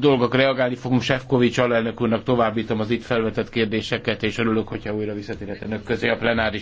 dolgok reagálni fogunk. Sefkovics alelnök úrnak továbbítom az itt felvetett kérdéseket, és örülök, hogyha újra visszatérhet önök közé a plenáris.